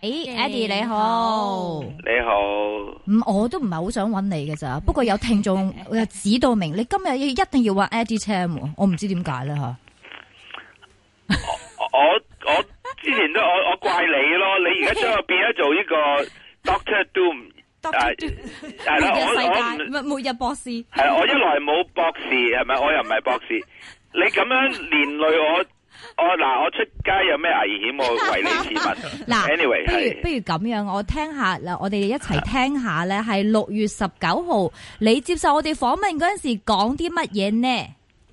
誒、欸 yeah，Eddie 你好，你好。我都唔係好想揾你嘅咋，不過有聽眾 指到明，你今日一定要話 Eddie Tam 我唔知點解咧吓。我我之前都 我我怪你咯，你而家將我變咗做呢個 Doctor Doom， 啊，末日世界，末日博士。係啊，我一來冇博士，係 咪？我又唔係博士，你咁樣連累我。 哦嗱，我出街有咩危險我為你市問嗱 ，anyway，不如不如咁樣，我聽一下嗱，我哋一齊聽一下咧，係六月十九號你接受我哋訪問嗰陣時講啲乜嘢呢？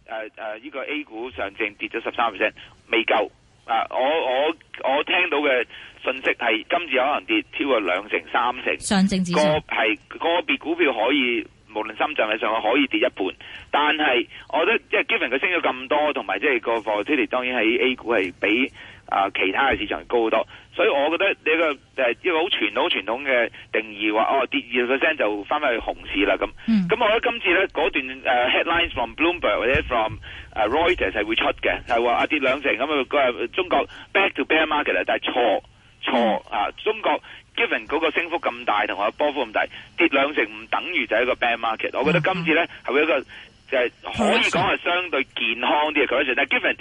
誒、啊、誒，呢、啊這個 A 股上證跌咗十三 percent，未夠啊！我我我聽到嘅信息係今次可能跌超過兩成、三成，上證指數係個別股票可以。無論深圳係上，可以跌一半，但係我覺得即係 given 佢升咗咁多，同埋即係個 volatility 當然喺 A 股係比啊、呃、其他嘅市場高好多，所以我覺得呢、這個誒、就是、一個好傳統、好傳統嘅定義話哦跌二十 percent 就翻翻去熊市啦咁。咁、嗯、我覺得今次咧嗰段 headlines from Bloomberg 或者 from、uh, Reuters 係會出嘅，係話啊跌兩成咁啊，中國 back to bear market 但都係錯錯、嗯、啊中國。Given 嗰個升幅咁大，同埋波幅咁大，跌兩成唔等於就係一個 bear market。我覺得今次咧係、嗯嗯、一個，就係、是、可以講係相對健康啲嘅 correction，但係 Given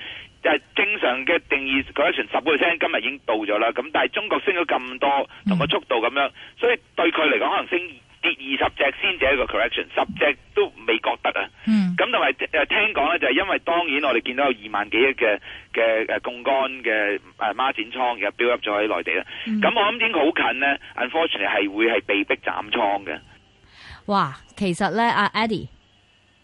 就係正常嘅定義，correction 十個 percent 今日已經到咗啦。咁但係中國升咗咁多，同個速度咁樣、嗯，所以對佢嚟講可能升。二十隻先至係一個 correction，十只都未覺得啊。咁同埋誒，聽講咧就係因為，當然我哋見到有二萬幾億嘅嘅誒，槓桿嘅誒孖展倉嘅，飚入咗喺內地啦。咁我諗已經好近咧，嗯、unfortunately 係會係被迫斬倉嘅。哇，其實咧，阿 Eddie，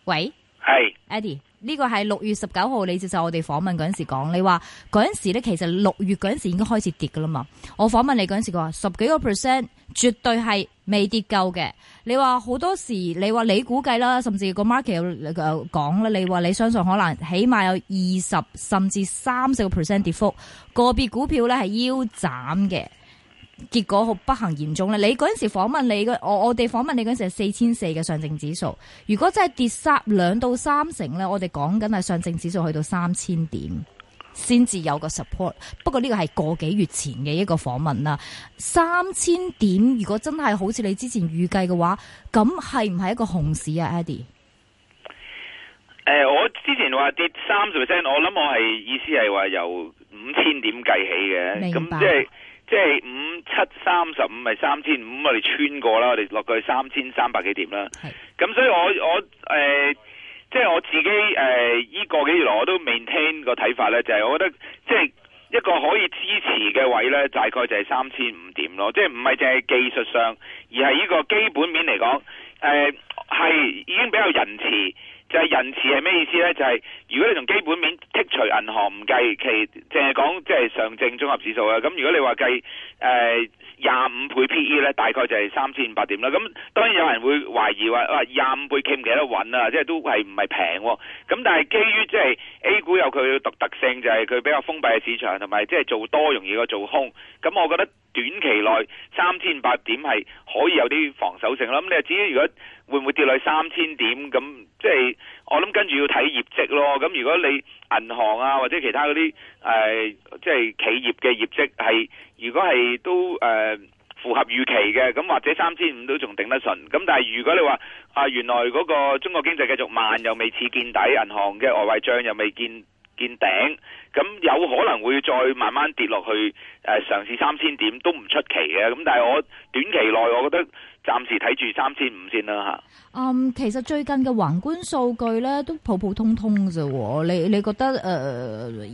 喂，係 Eddie。呢個係六月十九號你接受我哋訪問嗰陣時講，你話嗰陣時咧，其實六月嗰陣時已經開始跌㗎喇嘛。我訪問你嗰陣時佢話十幾個 percent 絕對係未跌夠嘅。你話好多時你話你估計啦，甚至個 market 有講啦，你話你相信可能起碼有二十甚至三十個 percent 跌幅，個別股票咧，係腰斬嘅。結果好不幸言中咧。你嗰陣時訪問你，我我哋訪問你嗰陣時係四千四嘅上證指數。如果真係跌三兩到三成咧，我哋講緊係上證指數去到三千點先至有個 support。不過呢個係個幾月前嘅一個訪問啦。三千點如果真係好似你之前預計嘅話，咁係唔係一個熊市啊，Eddie？誒、欸，我之前話跌三十 percent，我諗我係意思係話由五千點計起嘅。明白。即係五七三十五，咪三千五，我哋穿過啦，我哋落去三千三百幾點啦。咁所以我我誒、呃，即係我自己誒，依、呃呢個幾月來我都 maintain 個睇法咧，就係、是、我覺得即係一個可以支持嘅位咧，大概就係三千五點咯。即係唔係淨係技術上，而係呢個基本面嚟講，誒、呃、係已經比較仁慈。就係、是、人市係咩意思呢？就係、是、如果你從基本面剔除銀行唔計，其淨係講即係上證綜合指數啦。咁如果你話計誒廿五倍 PE 咧，大概就係三千八點啦。咁當然有人會懷疑話，哇，廿五倍企唔企得穩啊？即、就、係、是、都係唔係平？咁但係基於即係 A 股有佢嘅特特性，就係、是、佢比較封閉嘅市場，同埋即係做多容易過做空。咁我覺得。短期內三千八點係可以有啲防守性咯，咁你至於如果會唔會跌落去三千點，咁即係我諗跟住要睇業績咯。咁如果你銀行啊或者其他嗰啲即係企業嘅業績係，如果係都誒、呃、符合預期嘅，咁或者三千五都仲頂得順。咁但係如果你話啊原來嗰個中國經濟繼續慢又未似見底，銀行嘅外圍帳又未見見頂，咁有可能會再慢慢跌落去，誒嘗試三千點都唔出奇嘅，咁但係我短期內我覺得暫時睇住三千五先啦吓。嗯，其實最近嘅宏觀數據咧都普普通通嘅啫，你你覺得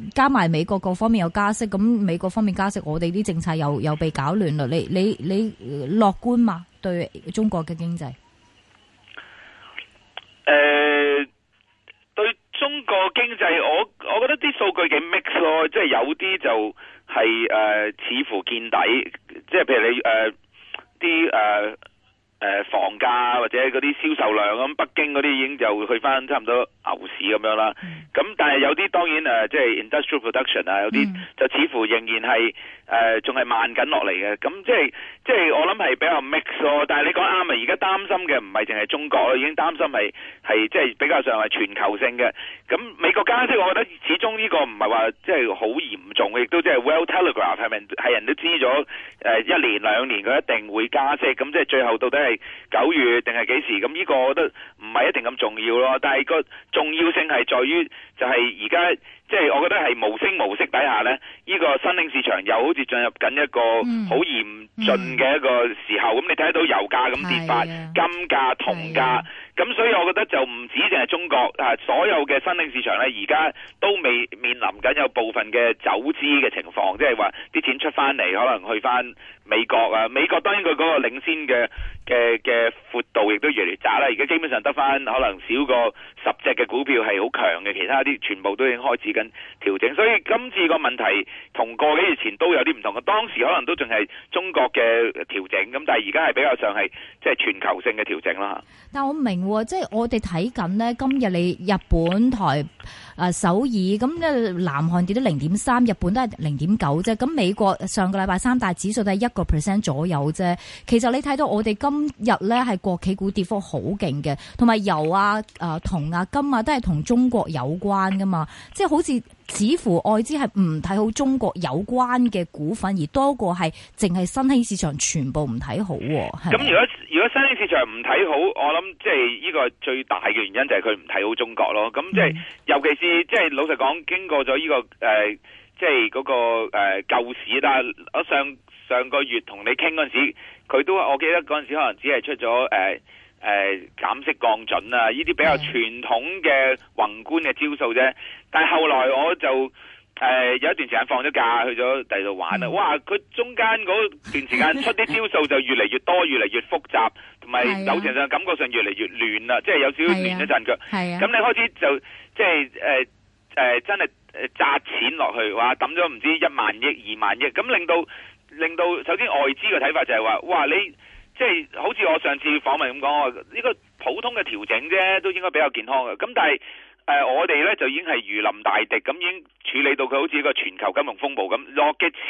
誒加埋美國各方面有加息，咁美國方面加息，我哋啲政策又又被搞亂啦，你你你樂觀嘛對中國嘅經濟？誒。中國經濟，我我覺得啲數據幾 mix 咯，即係有啲就係、是、誒、呃，似乎見底，即係譬如你誒啲誒。呃誒、呃，房價或者嗰啲銷售量，咁北京嗰啲已經就去翻差唔多牛市咁樣啦。咁、mm. 嗯、但係有啲當然誒，即、呃、係、就是、industrial production 啊，有啲就似乎仍然係誒仲係慢緊落嚟嘅。咁、嗯、即係即係我諗係比較 mix 咯。但係你講啱啊，而家擔心嘅唔係淨係中國啦，已經擔心係係即係比較上係全球性嘅。咁、嗯、美國加息，我覺得始終呢個唔係話即係好嚴重嘅，亦都即係 well telegraph，係咪係人都知咗誒、呃、一年兩年佢一定會加息。咁、嗯、即係最後到底係係九月定係幾時？咁呢個我覺得唔係一定咁重要咯。但係個重要性係在於，就係而家即係我覺得係無聲無息底下咧，呢、這個新興市場又好似進入緊一個好嚴峻嘅一個時候。咁、嗯嗯、你睇得到油價咁跌法、啊，金價、銅價、啊。咁所以，我覺得就唔止淨係中國吓所有嘅新興市場咧，而家都未面臨緊有部分嘅走資嘅情況，即係話啲錢出翻嚟，可能去翻美國啊。美國當然佢嗰個領先嘅嘅嘅闊度亦都越嚟越窄啦。而家基本上得翻可能少過十隻嘅股票係好強嘅，其他啲全部都已經開始緊調整。所以今次個問題同過幾月前都有啲唔同嘅，當時可能都仲係中國嘅調整，咁但係而家係比較上係即係全球性嘅調整啦。吓，但我明。即係我哋睇緊咧，今日你日本台。啊，首爾咁呢，南韓跌到零點三，日本都係零點九啫。咁美國上個禮拜三大指數都係一個 percent 左右啫。其實你睇到我哋今日咧係國企股跌幅好勁嘅，同埋油啊、啊銅啊、金啊都係同中國有關噶嘛。即係好似似乎外資係唔睇好中國有關嘅股份，而多過係淨係新興市場全部唔睇好。咁如果如果新興市場唔睇好，我諗即係呢個最大嘅原因就係佢唔睇好中國咯。咁即係尤其是即係老實講，經過咗呢、這個誒、呃，即係嗰、那個誒救市啦。我上上個月同你傾嗰陣時，佢都我記得嗰陣時可能只係出咗誒誒減息降準啊，呢啲比較傳統嘅宏觀嘅招數啫。但係後來我就誒、呃、有一段時間放咗假，去咗第二度玩啊、嗯，哇！佢中間嗰段時間出啲招數就越嚟越， 越、越多，越嚟越複雜，同埋流程上感覺上越嚟越亂啦，即係有少少亂一陣腳。係啊，咁你開始就。即係誒誒真係誒砸錢落去，話抌咗唔知一萬億二萬億，咁令到令到首先外資嘅睇法就係話：「哇！你即係好似我上次訪問咁講，呢個普通嘅調整啫，都應該比較健康嘅。咁但係。誒、啊，我哋咧就已經係如臨大敵，咁已經處理到佢好似一個全球金融風暴咁落嘅錢，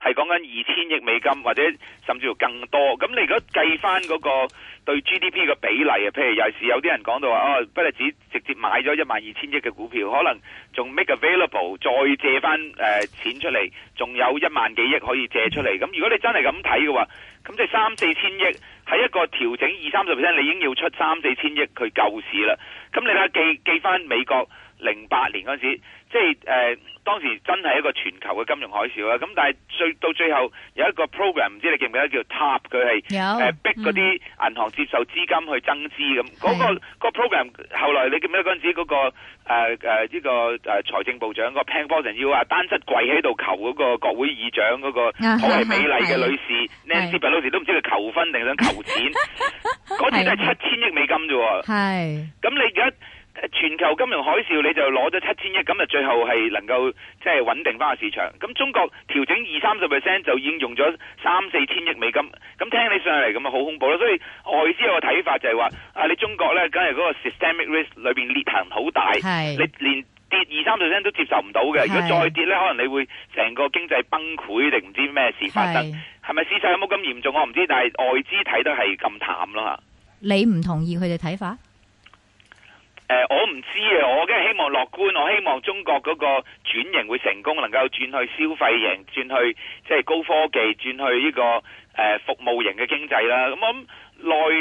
係講緊二千億美金或者甚至乎更多。咁你如果計翻嗰個對 GDP 嘅比例啊，譬如有時有啲人講到話，哦，不只直接買咗一萬二千億嘅股票，可能。仲 make available 再借翻誒、呃、錢出嚟，仲有一萬幾億可以借出嚟。咁如果你真係咁睇嘅話，咁即係三四千億喺一個調整，二三十 percent，你已經要出三四千億去救市啦。咁你睇下記記翻美國。零八年嗰陣時，即係誒、呃，當時真係一個全球嘅金融海嘯啊。咁但係最到最後有一個 program，唔知你記唔記得叫 TARP，佢係誒逼嗰啲銀行接受資金去增資。咁、嗯、嗰、那個、那個 program 後來你記唔記得嗰陣時嗰、那個誒誒呢個誒財、呃、政部長嗰個 Paulson 要話單膝跪喺度求嗰個國會議長嗰、那個頗為、啊那個、美麗嘅女士 Nancy Pelosi 都唔知佢求婚定想求錢。嗰次都係七千億美金啫。係咁你而家。全球金融海嘯，你就攞咗七千億，咁就最後係能夠即係穩定翻個市場。咁中國調整二三十 percent 就已經用咗三四千億美金。咁聽起上嚟咁，啊好恐怖啦。所以外資有個睇法就係話啊，你中國呢梗係嗰個 systemic risk 裏邊裂痕好大。你連跌二三十 percent 都接受唔到嘅。如果再跌呢，可能你會成個經濟崩潰定唔知咩事發生。係咪事實有冇咁嚴重我唔知，但係外資睇得係咁淡啦。你唔同意佢哋睇法？我唔知啊，我梗係希望樂觀，我希望中國嗰個轉型會成功，能夠轉去消費型，轉去即係高科技，轉去呢個服務型嘅經濟啦。咁我諗內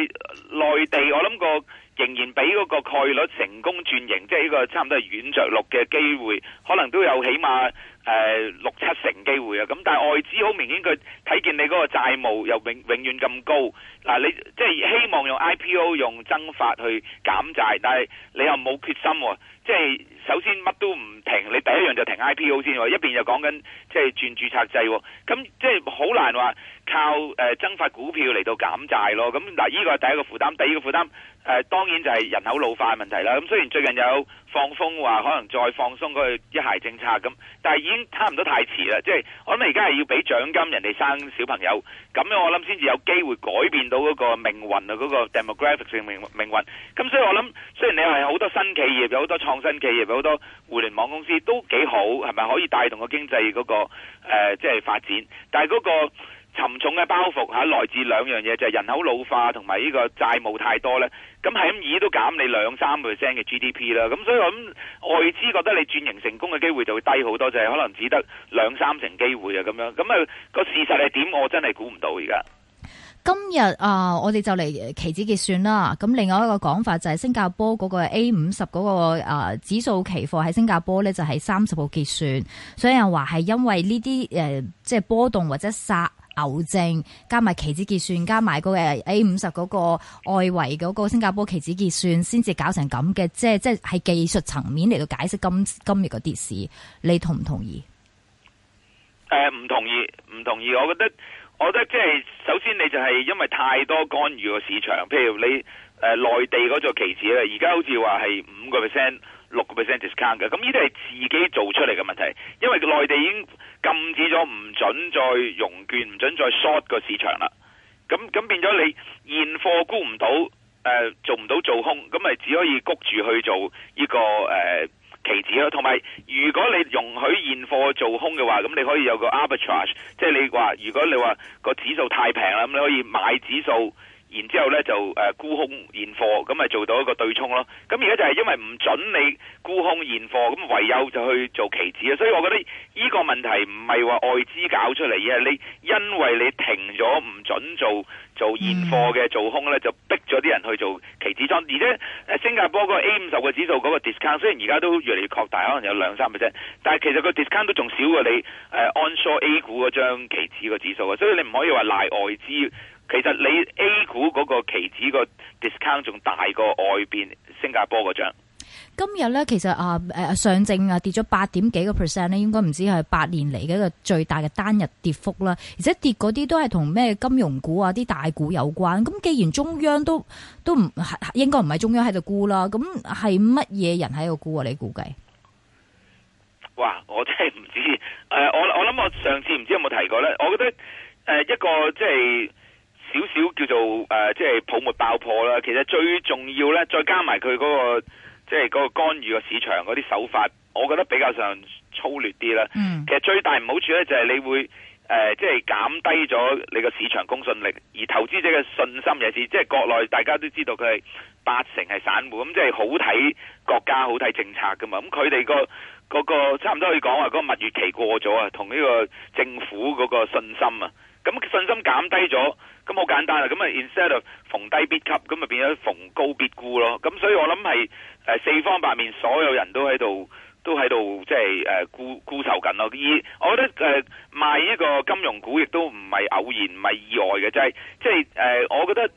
內地，我諗個。仍然俾嗰個概率成功轉型，即係呢個差唔多係軟着陸嘅機會，可能都有起碼誒、呃、六七成機會啊！咁但係外資好明顯佢睇見你嗰個債務又永永遠咁高，嗱、啊、你即係、即係、希望用 IPO 用增發去減債，但係你又冇決心喎，即、啊、係、即係、首先乜都唔停，你第一樣就停 IPO 先，一邊就講緊即係轉註冊制，咁即係好難話。靠、呃、增發股票嚟到減債咯，咁嗱、呢個係第一個負擔，第二個負擔誒、呃、當然就係人口老化嘅問題啦。咁、嗯、雖然最近有放風話可能再放鬆嗰個一孩政策咁、嗯，但係已經差唔多太遲啦。即係我諗而家係要俾獎金人哋生小朋友，咁我諗先至有機會改變到嗰個命運啊，嗰、那個 demographic 性命命運。咁、嗯嗯、所以我諗雖然你話有好多新企業，有好多創新企業，有好多互聯網公司都幾好，係咪可以帶動個經濟嗰、那個即係、呃就是、發展？但係嗰、那個沉重嘅包袱嚇、啊，來自兩樣嘢，就係、是、人口老化同埋呢個債務太多咧。咁係咁，而都減你兩三個 percent 嘅 GDP 啦。咁所以我諗外資覺得你轉型成功嘅機會就會低好多，就係、是、可能只得兩三成機會啊咁樣。咁、那、啊個事實係點？我真係估唔到而家。今日啊、呃，我哋就嚟期指結算啦。咁另外一個講法就係新加坡嗰個 A 五十嗰個啊、呃、指數期貨喺新加坡呢，就係三十號結算。所以有人話係因為呢啲、呃、即係波動或者殺牛證加埋期指結算加埋嗰個 A 五十嗰個外圍嗰個新加坡期指結算，先至搞成咁嘅，即係即係喺技術層面嚟到解釋今今日個跌市，你同唔同意？誒、呃，唔同意，唔同意。我覺得，我覺得即係首先你就係因為太多干預個市場，譬如你。誒、呃，內地嗰個期指咧，而家好似話係五個 percent、六個 percent discount 嘅，咁呢啲係自己做出嚟嘅問題，因為內地已經禁止咗，唔准再融券，唔准再 short 個市場啦。咁咁變咗你現貨沽唔到，做唔到做空，咁咪只可以谷住去做呢、呢個、呃、期指咯。同埋如果你容許現貨做空嘅話，咁你可以有個 arbitrage，即係你話如果你話個指數太平啦，咁你可以買指數。然之後咧就誒沽空現貨，咁咪做到一個對沖咯。咁而家就係因為唔準你沽空現貨，咁唯有就去做期指啊。所以我覺得依個問題唔係話外資搞出嚟嘅，你因為你停咗唔準做做現貨嘅做空咧，就逼咗啲人去做期指倉。而且新加坡個 A 五十個指數嗰個 discount 雖然而家都越嚟越擴大，可能有兩三個 percent。但係其實個 discount 都仲少過你誒 onshore A 股嗰張期指個指數啊。所以你唔可以話賴外資。其實你 A 股嗰個期指個 discount 仲大過外邊新加坡嗰張。今日咧，其實啊，誒、呃，上證啊跌咗八點幾個 percent 咧，應該唔知係八年嚟嘅一個最大嘅單日跌幅啦。而且跌嗰啲都係同咩金融股啊、啲大股有關。咁既然中央都都唔應該，唔係中央喺度沽啦，咁係乜嘢人喺度沽啊？你估計？哇！我真係唔知。誒、呃，我我諗我上次唔知有冇提過咧。我覺得誒、呃、一個即係。少少叫做即係、呃就是、泡沫爆破啦。其實最重要咧，再加埋佢嗰個即係嗰個干預個市場嗰啲手法，我覺得比較上粗劣啲啦、嗯。其實最大唔好處咧，就係、是、你會即係、呃就是、減低咗你個市場公信力，而投資者嘅信心尤其是。即、就、係、是、國內大家都知道佢係八成係散戶，咁即係好睇國家好睇政策噶嘛。咁佢哋個嗰、那個差唔多可以講話嗰個蜜月期過咗啊，同呢個政府嗰個信心啊。咁信心減低咗，咁好簡單啦。咁啊，instead of 逢低必吸，咁咪變咗逢高必沽咯。咁所以我諗係誒四方八面，所有人都喺度都喺度即係誒沽沽售緊咯。依，我覺得誒賣呢個金融股亦都唔係偶然，唔係意外嘅，就係即係誒我覺得。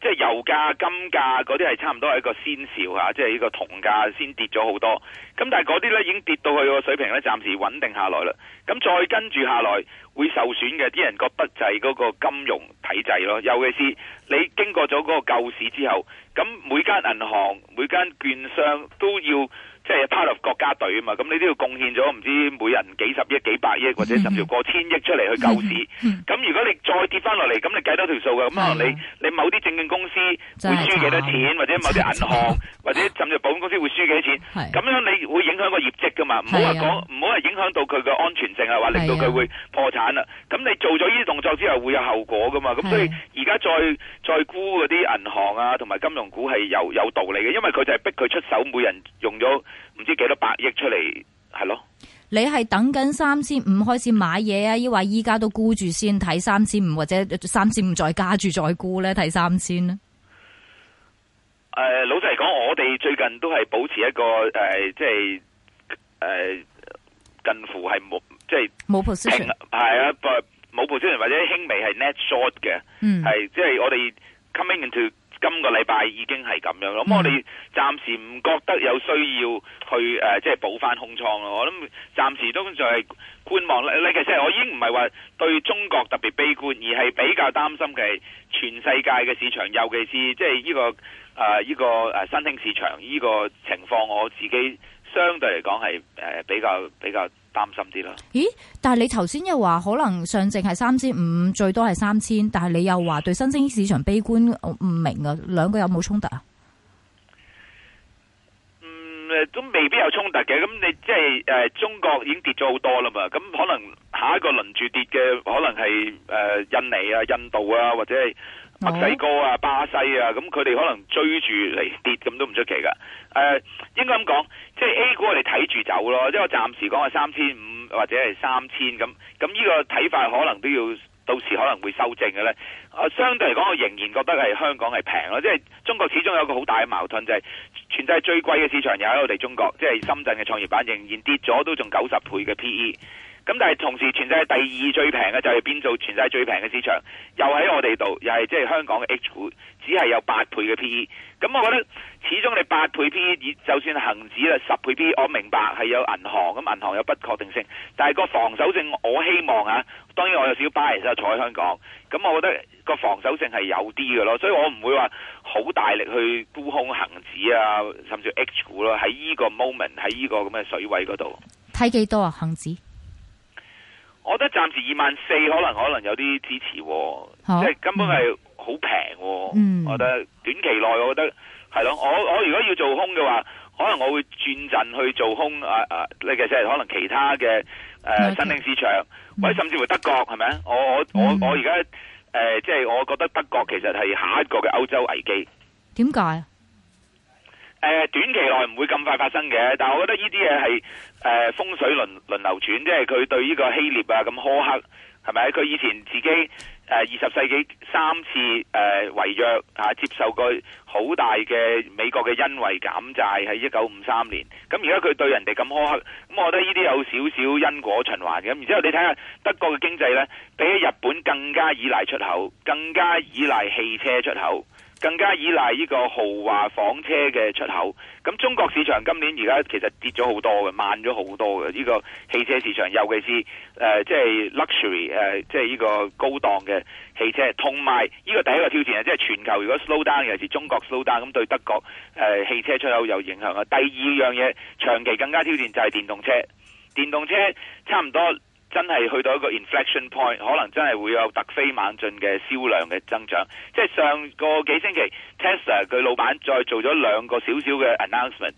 即係油價、金價嗰啲係差唔多係一個先兆吓，即係呢個銅價先跌咗好多。咁但係嗰啲呢已經跌到去個水平咧，暫時穩定下來啦。咁再跟住下來會受損嘅，啲人覺得就係嗰個金融體制咯。尤其是你經過咗嗰個救市之後，咁每間銀行、每間券商都要。即係 part of 國家隊啊嘛，咁你都要貢獻咗唔知每人幾十億、幾百億或者甚至過千億出嚟去救市。咁、嗯、如果你再跌翻落嚟，咁你計多條數嘅，咁可能你你某啲證券公司會輸幾多錢，或者某啲銀行或者甚至保險公司會輸幾多錢。咁、嗯、樣你會影響個業績㗎嘛？唔好話講，唔好話影響到佢嘅安全性啊，或者令到佢會破產啦。咁你做咗呢啲動作之後會有後果㗎嘛？咁所以而家再再沽嗰啲銀行啊同埋金融股係有有道理嘅，因為佢就係逼佢出手，每人用咗。唔知幾多百億出嚟，係咯。你係等緊三千五開始買嘢啊？抑或依家都沽住先睇三千五，3, 5, 或者三千五再加住再沽咧？睇三千咧？誒，uh，老實嚟講，我哋最近都係保持一個誒，即係誒，近乎係冇即係冇 position，係啊，冇 position 或者輕微係 net short 嘅，係即係我哋 coming into。今個禮拜已經係咁樣，咁我哋暫時唔覺得有需要去誒、呃，即係補翻空倉咯。我諗暫時都仲係觀望。你其實我已經唔係話對中國特別悲觀，而係比較擔心嘅係全世界嘅市場，尤其是即係呢個誒呢、呃呢個誒新興市場呢個情況，我自己相對嚟講係誒比較比較，比較擔心啲啦。咦？但係你頭先又話可能上證係三千五，最多係三千，但係你又話對新興市場悲觀，我唔明啊，兩個有冇衝突啊？都未必有衝突嘅，咁你即係誒中國已經跌咗好多啦嘛，咁可能下一個輪住跌嘅可能係誒印尼啊、印度啊或者係墨西哥啊、巴西啊，咁佢哋可能追住嚟跌，咁都唔出奇噶。誒應該咁講，即係 A 股我哋睇住走咯，即係我暫時講係三千五或者係三千咁，咁呢個睇法可能都要到時可能會修正嘅咧。啊，相對嚟講，我仍然覺得係香港係平咯，即係中國始終有個好大嘅矛盾就係。全世界最貴嘅市場又喺我哋中國，即係深圳嘅創業板仍然跌咗都仲九十倍嘅 P E。咁但係同時全世界第二最平嘅就係變做全世界最平嘅市場，又喺我哋度，又係即係香港嘅 H 股，只係有八倍嘅 P E。咁我覺得始終你八倍 P E，就算恒指啦十倍 P E，我明白係有銀行，咁銀行有不確定性，但係個防守性我希望啊。當然我有少少 bias 即係坐喺香港，咁我覺得個防守性係有啲嘅咯，所以我唔會話。好大力去沽空恒指啊，甚至 H 股啦、啊，喺呢個 moment 喺呢個咁嘅水位嗰度，睇幾多啊恒指？我覺得暫時二萬四可能可能有啲支持、啊啊，即係根本係好平。我覺得短期內我覺得係咯、啊，我我如果要做空嘅話、嗯，可能我會轉陣去做空啊啊，即、啊、可能其他嘅誒、啊 okay。新興市場，或者甚至乎德國係咪、嗯、我我我我而家。誒、呃，即係我覺得德國其實係下一個嘅歐洲危機。點解？誒、呃，短期內唔會咁快發生嘅，但係我覺得呢啲嘢係誒風水輪輪流轉，即係佢對呢個希臘啊咁苛刻，係咪？佢以前自己。誒二十世紀三次誒、呃、違約嚇、啊，接受個好大嘅美國嘅恩惠減債喺一九五三年。咁而家佢對人哋咁苛刻，咁、嗯、我覺得呢啲有少少因果循環嘅。然之後你睇下德國嘅經濟呢，比起日本更加依賴出口，更加依賴汽車出口。更加依賴呢個豪華房車嘅出口，咁中國市場今年而家其實跌咗好多嘅，慢咗好多嘅呢個汽車市場，尤其是誒即係 luxury 誒即係呢個高檔嘅汽車，同埋呢個第一個挑戰即係全球如果 slow down 尤其是中國 slow down，咁對德國、呃、汽車出口有影響啊。第二樣嘢長期更加挑戰就係電動車，電動車差唔多。真係去到一個 inflection point，可能真係會有突飛猛進嘅銷量嘅增長。即係上個幾星期 Tesla 佢老闆再做咗兩個小小嘅 announcement，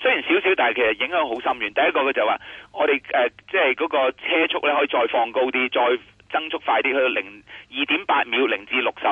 雖然小小，但係其實影響好深遠。第一個佢就話：我哋誒即係嗰個車速咧可以再放高啲，再增速快啲，去到零二點八秒零至六十，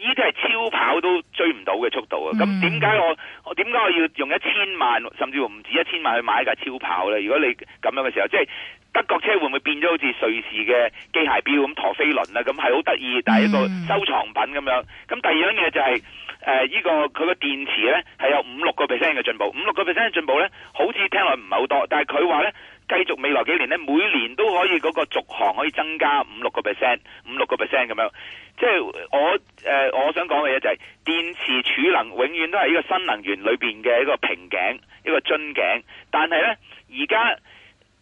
依啲係超跑都追唔到嘅速度啊！咁點解我我點解我要用一千萬甚至乎唔止一千萬去買一架超跑呢？如果你咁樣嘅時候，即係。德國車會唔會變咗好似瑞士嘅機械表咁陀飛輪啊？咁係好得意，但係一個收藏品咁樣。咁、嗯、第二樣嘢就係、是、呢、呃這個佢個電池咧係有五六個 percent 嘅進步，五六個 percent 嘅進步咧好似聽落唔係好多，但係佢話咧繼續未來幾年咧每年都可以嗰個續航可以增加五六個 percent，五六個 percent 咁樣。即、就、係、是、我、呃、我想講嘅嘢就係、是、電池儲能永遠都係呢個新能源裏面嘅一個瓶頸，一個樽頸。但係咧而家。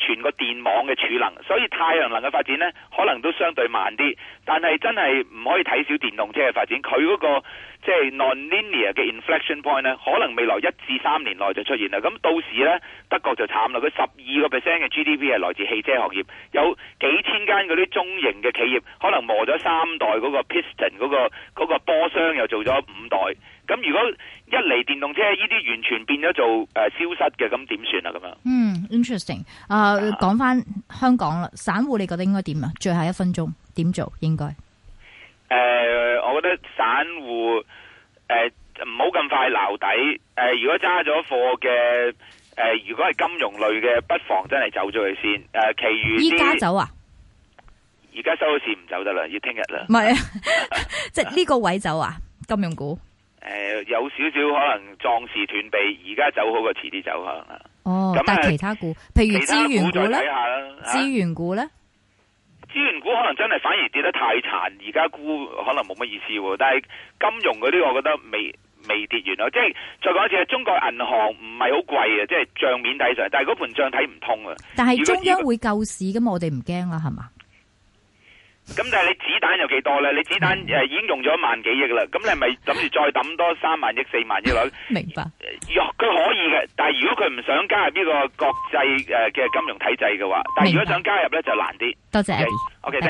全個電網嘅儲能，所以太陽能嘅發展呢，可能都相對慢啲。但係真係唔可以睇小電動車嘅發展，佢嗰個即係 non-linear 嘅 inflection point 呢，可能未來一至三年內就出現啦。咁到時呢，德國就慘啦。佢十二個 percent 嘅 GDP 係來自汽車行業，有幾千間嗰啲中型嘅企業，可能磨咗三代嗰個 piston 嗰、嗰個嗰個波箱，又做咗五代。咁如果一嚟電動車呢啲完全變咗做誒消失嘅，咁點算啊？咁樣嗯。interesting，啊，講翻香港啦，散戶你覺得應該點啊？最後一分鐘點做應該？誒、uh,，我覺得散戶誒唔好咁快撈底。誒、uh,，如果揸咗貨嘅，誒、uh,，如果係金融類嘅，不妨真係走咗佢先。誒、uh,，其餘依家走啊？而家收市唔走得啦，要聽日啦。唔係啊，即係呢個位走啊，金融股。有少少可能壯士斷臂，而家走好過遲啲走可能啦。哦，咁但係其他股，譬如資源股咧，資源股咧，啊，資源股可能真係反而跌得太殘，而家估可能冇乜意思。但係金融嗰啲，我覺得未未跌完咯。即係再講一次，中國銀行唔係好貴嘅，即係賬面睇上，但係嗰盤賬睇唔通啊。但係中央會救市嘅嘛，我哋唔驚啦，係嘛？咁但係你子彈有幾多咧？你子彈誒已經用咗一萬幾億啦，咁你係咪諗住再抌多三萬億四萬億落？明白。若、呃、佢、呃、可以嘅，但係如果佢唔想加入呢個國際誒嘅金融體制嘅話，但係如果想加入咧就難啲。Okay? 多謝。OK，, okay Bye -bye.